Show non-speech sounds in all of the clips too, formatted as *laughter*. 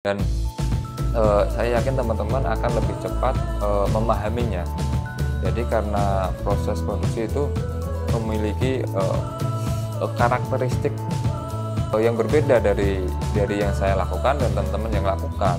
dan uh, saya yakin teman-teman akan lebih cepat uh, memahaminya jadi karena proses produksi itu memiliki uh, karakteristik yang berbeda dari dari yang saya lakukan dan teman-teman yang lakukan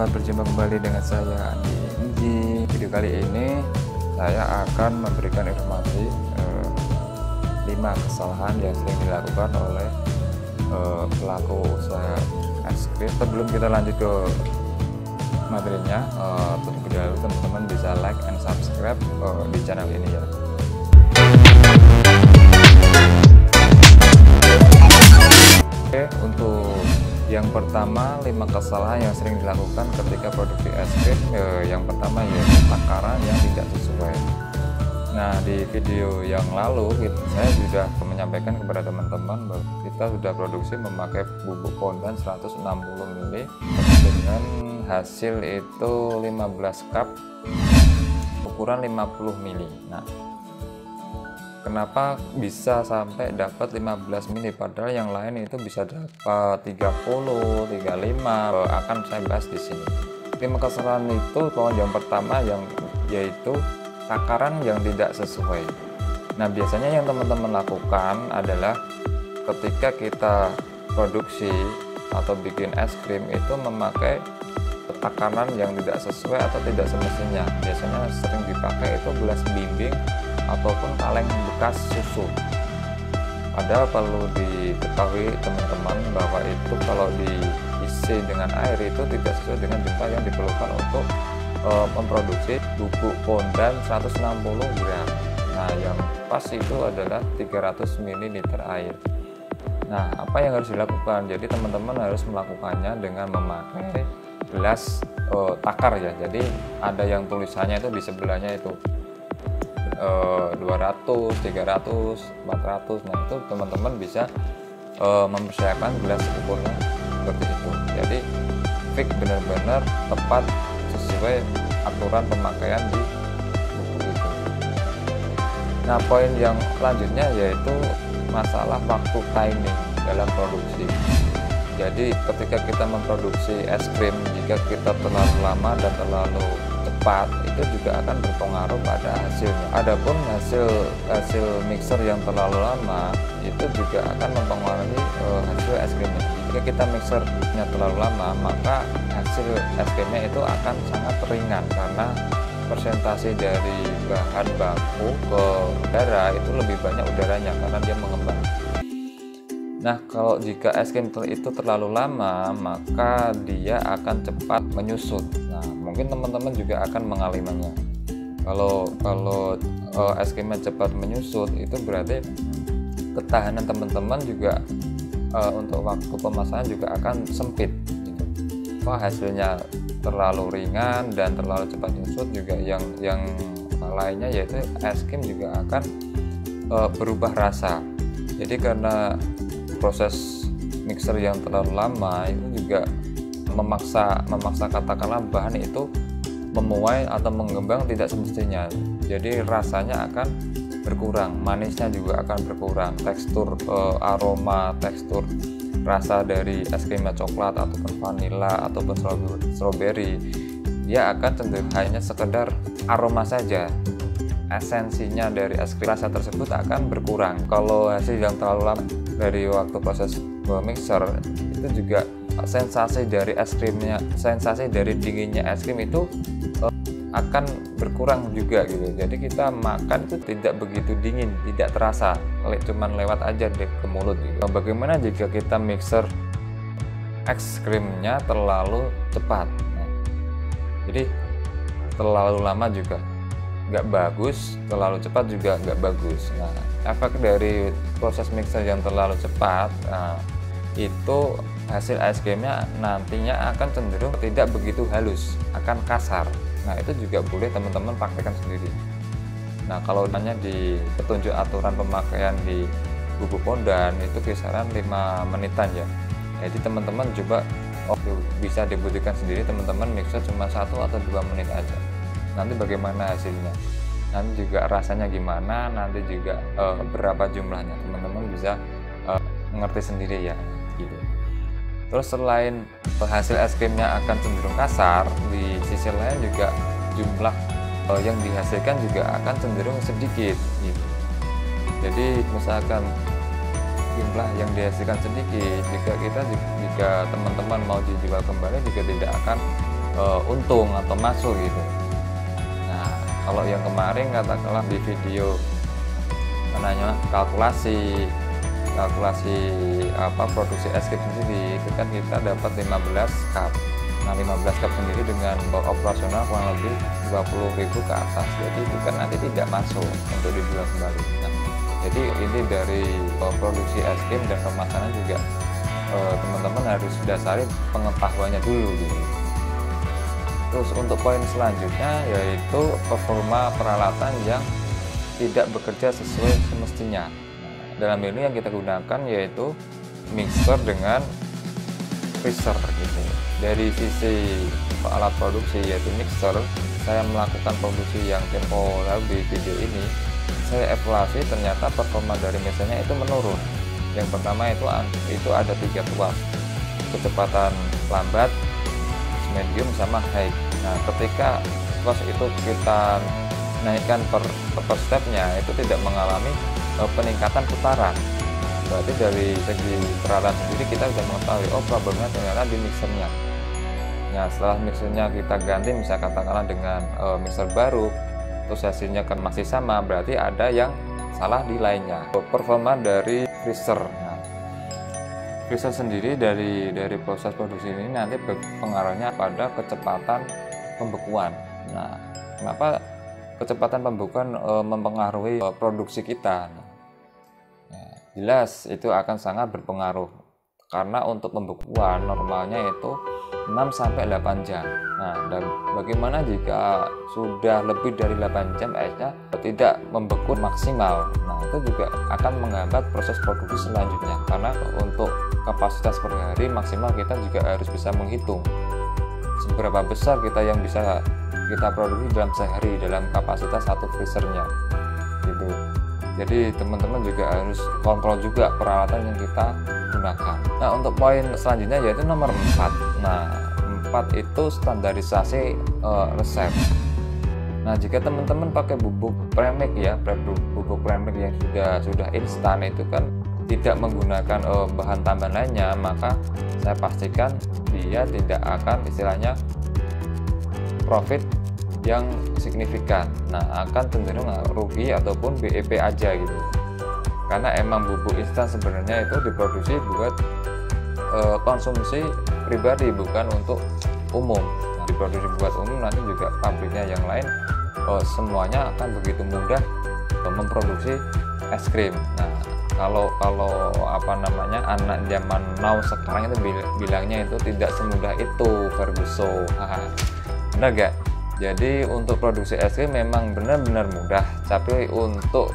Selamat berjumpa kembali dengan saya Andi Inji. Video kali ini saya akan memberikan informasi eh, 5 kesalahan yang sering dilakukan oleh eh, pelaku usaha es krim. Sebelum kita lanjut ke materinya, eh, terlebih dahulu teman-teman bisa like and subscribe eh, di channel ini ya. Yang pertama, lima kesalahan yang sering dilakukan ketika produksi es krim. Eh, yang pertama yaitu takaran yang tidak sesuai. Nah, di video yang lalu saya sudah menyampaikan kepada teman-teman bahwa kita sudah produksi memakai bubuk fondant 160 ml dengan hasil itu 15 cup ukuran 50 ml. Nah, kenapa bisa sampai dapat 15 mili padahal yang lain itu bisa dapat 30 35 akan saya bahas di sini lima kesalahan itu pohon yang pertama yang yaitu takaran yang tidak sesuai nah biasanya yang teman-teman lakukan adalah ketika kita produksi atau bikin es krim itu memakai takaran yang tidak sesuai atau tidak semestinya biasanya sering dipakai itu gelas bimbing ataupun kaleng bekas susu padahal perlu diketahui teman-teman bahwa itu kalau diisi dengan air itu tidak sesuai dengan jumlah yang diperlukan untuk e, memproduksi bubuk fondan 160 gram nah yang pas itu adalah 300 ml air nah apa yang harus dilakukan jadi teman-teman harus melakukannya dengan memakai gelas e, takar ya jadi ada yang tulisannya itu di sebelahnya itu 200, 300, 400. Nah, itu teman-teman bisa uh, mempersiapkan gelas ukurnya seperti itu. Jadi fix benar-benar tepat sesuai aturan pemakaian di buku itu. Nah, poin yang selanjutnya yaitu masalah waktu timing dalam produksi. Jadi ketika kita memproduksi es krim, jika kita terlalu lama dan terlalu cepat itu juga akan berpengaruh pada hasilnya. Adapun hasil hasil mixer yang terlalu lama itu juga akan mempengaruhi uh, hasil es krimnya. Jika kita mixernya terlalu lama, maka hasil es krimnya itu akan sangat ringan karena persentase dari bahan baku ke udara itu lebih banyak udaranya karena dia mengembang. Nah, kalau jika es krim itu terlalu lama, maka dia akan cepat menyusut. Nah, mungkin teman-teman juga akan mengalaminya. Kalau kalau uh, es krimnya cepat menyusut, itu berarti ketahanan teman-teman juga uh, untuk waktu pemasaran juga akan sempit. Gitu. Wah, hasilnya terlalu ringan dan terlalu cepat menyusut juga yang yang lainnya yaitu es krim juga akan uh, berubah rasa. Jadi karena proses mixer yang terlalu lama itu juga memaksa memaksa katakanlah bahan itu memuai atau mengembang tidak semestinya jadi rasanya akan berkurang manisnya juga akan berkurang tekstur e, aroma tekstur rasa dari es krimnya coklat ataupun vanila ataupun strawberry dia akan cenderung hanya sekedar aroma saja esensinya dari es krim rasa tersebut akan berkurang kalau hasil yang terlalu lama dari waktu proses mixer itu juga sensasi dari es krimnya sensasi dari dinginnya es krim itu uh, akan berkurang juga gitu jadi kita makan itu tidak begitu dingin tidak terasa cuman lewat aja deh ke mulut gitu nah, bagaimana jika kita mixer es krimnya terlalu cepat nah, jadi terlalu lama juga nggak bagus terlalu cepat juga nggak bagus nah efek dari proses mixer yang terlalu cepat nah, itu hasil ice creamnya nantinya akan cenderung tidak begitu halus akan kasar nah itu juga boleh teman-teman praktekkan sendiri nah kalau nanya di petunjuk aturan pemakaian di bubuk pondan itu kisaran 5 menitan ya jadi teman-teman coba oh, bisa dibuktikan sendiri teman-teman mixer cuma satu atau dua menit aja nanti bagaimana hasilnya nanti juga rasanya gimana nanti juga uh, berapa jumlahnya teman-teman bisa uh, eh, ngerti sendiri ya gitu terus selain hasil es krimnya akan cenderung kasar di sisi lain juga jumlah uh, yang dihasilkan juga akan cenderung sedikit gitu jadi misalkan jumlah yang dihasilkan sedikit jika kita jika teman-teman mau dijual kembali juga tidak akan uh, untung atau masuk gitu kalau yang kemarin katakanlah di video menanya kalkulasi kalkulasi apa produksi es krim sendiri itu kan kita dapat 15 cup nah 15 cup sendiri dengan operasional kurang lebih 20 ribu ke atas jadi itu kan nanti tidak masuk untuk dijual kembali nah, jadi ini dari eh, produksi es krim dan kemasannya juga eh, teman-teman eh, harus dasari pengetahuannya dulu gitu Terus untuk poin selanjutnya yaitu performa peralatan yang tidak bekerja sesuai semestinya. Dalam ini yang kita gunakan yaitu mixer dengan freezer gitu. Dari sisi alat produksi yaitu mixer, saya melakukan produksi yang tempo lalu di video ini, saya evaluasi ternyata performa dari mesinnya itu menurun. Yang pertama itu itu ada tiga tuas, kecepatan lambat, medium sama high nah ketika cross itu kita naikkan per, per stepnya itu tidak mengalami uh, peningkatan putaran nah, berarti dari segi peralatan sendiri kita bisa mengetahui oh problemnya ternyata di mixernya nah setelah mixernya kita ganti misalkan katakanlah dengan uh, mixer baru terus hasilnya kan masih sama berarti ada yang salah di lainnya performa dari freezer nah, bisa sendiri dari dari proses produksi ini nanti pengaruhnya pada kecepatan pembekuan. Nah, kenapa kecepatan pembekuan e, mempengaruhi e, produksi kita? Nah, jelas itu akan sangat berpengaruh karena untuk pembekuan normalnya itu 6 sampai 8 jam. Nah, dan bagaimana jika sudah lebih dari 8 jam esnya tidak membeku maksimal? Nah, itu juga akan menghambat proses produksi selanjutnya karena untuk kapasitas per hari maksimal kita juga harus bisa menghitung seberapa besar kita yang bisa kita produksi dalam sehari dalam kapasitas satu freezernya gitu jadi teman-teman juga harus kontrol juga peralatan yang kita gunakan nah untuk poin selanjutnya yaitu nomor 4 nah 4 itu standarisasi uh, resep Nah, jika teman-teman pakai bubuk premix ya, bubuk premix yang sudah sudah instan itu kan tidak menggunakan uh, bahan tambahan lainnya maka saya pastikan dia tidak akan istilahnya profit yang signifikan nah akan cenderung rugi ataupun BEP aja gitu karena emang bubuk instan sebenarnya itu diproduksi buat e, konsumsi pribadi bukan untuk umum nah, diproduksi buat umum nanti juga pabriknya yang lain e, semuanya akan begitu mudah memproduksi es krim nah kalau kalau apa namanya anak zaman now sekarang itu bilangnya itu tidak semudah itu Ferguson benar gak jadi untuk produksi es krim memang benar-benar mudah tapi untuk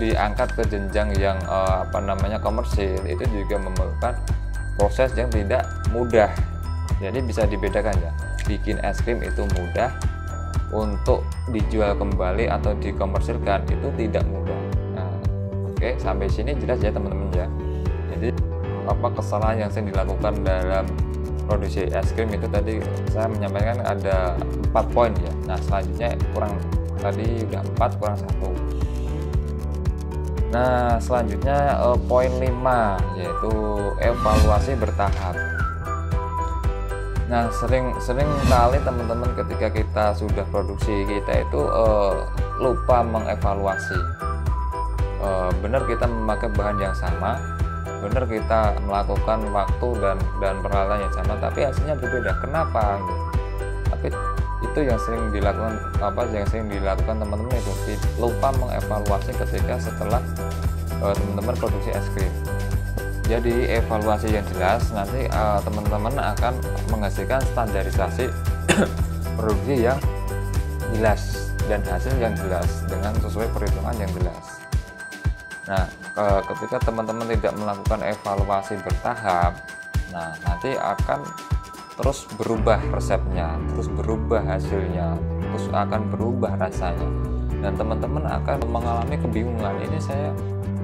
diangkat ke jenjang yang uh, apa namanya komersil itu juga memerlukan proses yang tidak mudah jadi bisa dibedakan ya bikin es krim itu mudah untuk dijual kembali atau dikomersilkan itu tidak mudah Oke, sampai sini jelas ya teman-teman ya. Jadi apa kesalahan yang saya dilakukan dalam produksi es krim itu tadi saya menyampaikan ada empat poin ya. Nah selanjutnya kurang tadi udah empat kurang satu. Nah selanjutnya eh, poin lima yaitu evaluasi bertahap. Nah sering sering kali teman-teman ketika kita sudah produksi kita itu eh, lupa mengevaluasi Eh, benar kita memakai bahan yang sama benar kita melakukan waktu dan dan peralatan yang sama tapi hasilnya berbeda kenapa tapi itu yang sering dilakukan apa yang sering dilakukan teman-teman itu lupa mengevaluasi ketika setelah eh, teman-teman produksi es krim jadi evaluasi yang jelas nanti eh, teman-teman uh, akan menghasilkan standarisasi *clears throat* produksi yang jelas dan hasil yang jelas dengan sesuai perhitungan yang jelas Nah, ketika teman-teman tidak melakukan evaluasi bertahap, nah nanti akan terus berubah resepnya, terus berubah hasilnya, terus akan berubah rasanya. Dan teman-teman akan mengalami kebingungan, ini saya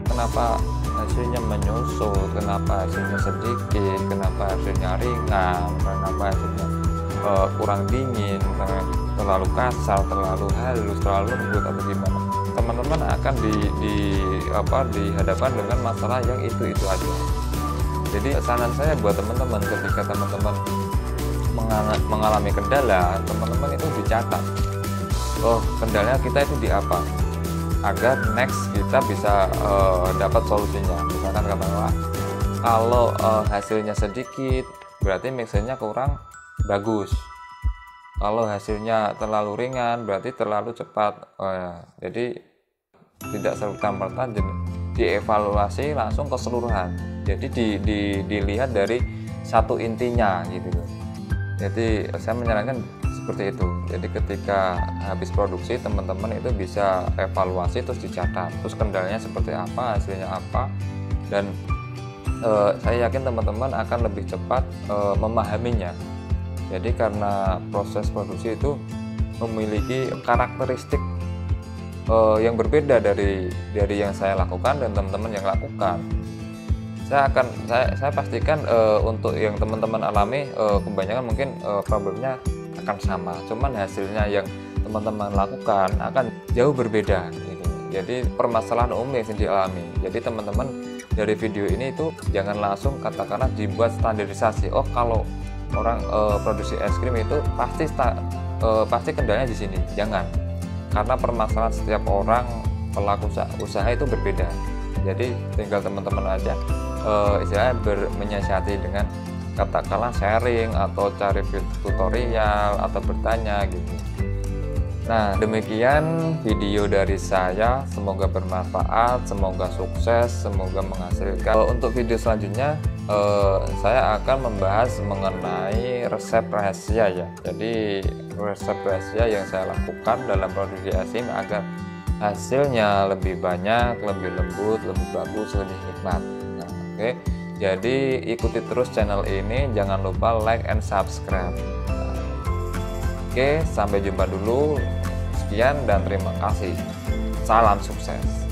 kenapa hasilnya menyusut, kenapa hasilnya sedikit, kenapa hasilnya ringan, kenapa hasilnya uh, kurang dingin, terlalu kasar, terlalu halus, terlalu lembut atau gimana teman-teman akan di, di apa dihadapkan dengan masalah yang itu-itu aja. Jadi saran saya buat teman-teman ketika teman-teman mengalami kendala, teman-teman itu dicatat. Oh, kendalanya kita itu di apa? Agar next kita bisa uh, dapat solusinya. Misalkan bahwa kalau uh, hasilnya sedikit, berarti mixernya kurang bagus. Kalau hasilnya terlalu ringan, berarti terlalu cepat. Oh, ya. jadi tidak serta merta dievaluasi langsung keseluruhan jadi di, di, dilihat dari satu intinya gitu jadi saya menyarankan seperti itu jadi ketika habis produksi teman-teman itu bisa evaluasi terus dicatat terus kendalanya seperti apa hasilnya apa dan eh, saya yakin teman-teman akan lebih cepat eh, memahaminya jadi karena proses produksi itu memiliki karakteristik uh, yang berbeda dari dari yang saya lakukan dan teman-teman yang lakukan saya akan saya saya pastikan uh, untuk yang teman-teman alami uh, kebanyakan mungkin uh, problemnya akan sama cuman hasilnya yang teman-teman lakukan akan jauh berbeda gitu. jadi permasalahan umum yang alami. jadi teman-teman dari video ini itu jangan langsung katakanlah dibuat standarisasi oh kalau orang uh, produksi es krim itu pasti sta, uh, pasti kendalanya di sini jangan karena permasalahan setiap orang pelaku usaha, itu berbeda jadi tinggal teman-teman aja e, istilahnya ber, menyiasati dengan katakanlah sharing atau cari tutorial atau bertanya gitu Nah, demikian video dari saya. Semoga bermanfaat, semoga sukses, semoga menghasilkan. Untuk video selanjutnya, eh, saya akan membahas mengenai resep rahasia ya. Jadi, resep rahasia yang saya lakukan dalam produksi asin agar hasilnya lebih banyak, lebih lembut, lebih bagus, lebih nikmat. Nah, oke. Okay. Jadi, ikuti terus channel ini. Jangan lupa like and subscribe. Oke, sampai jumpa dulu. Sekian dan terima kasih. Salam sukses.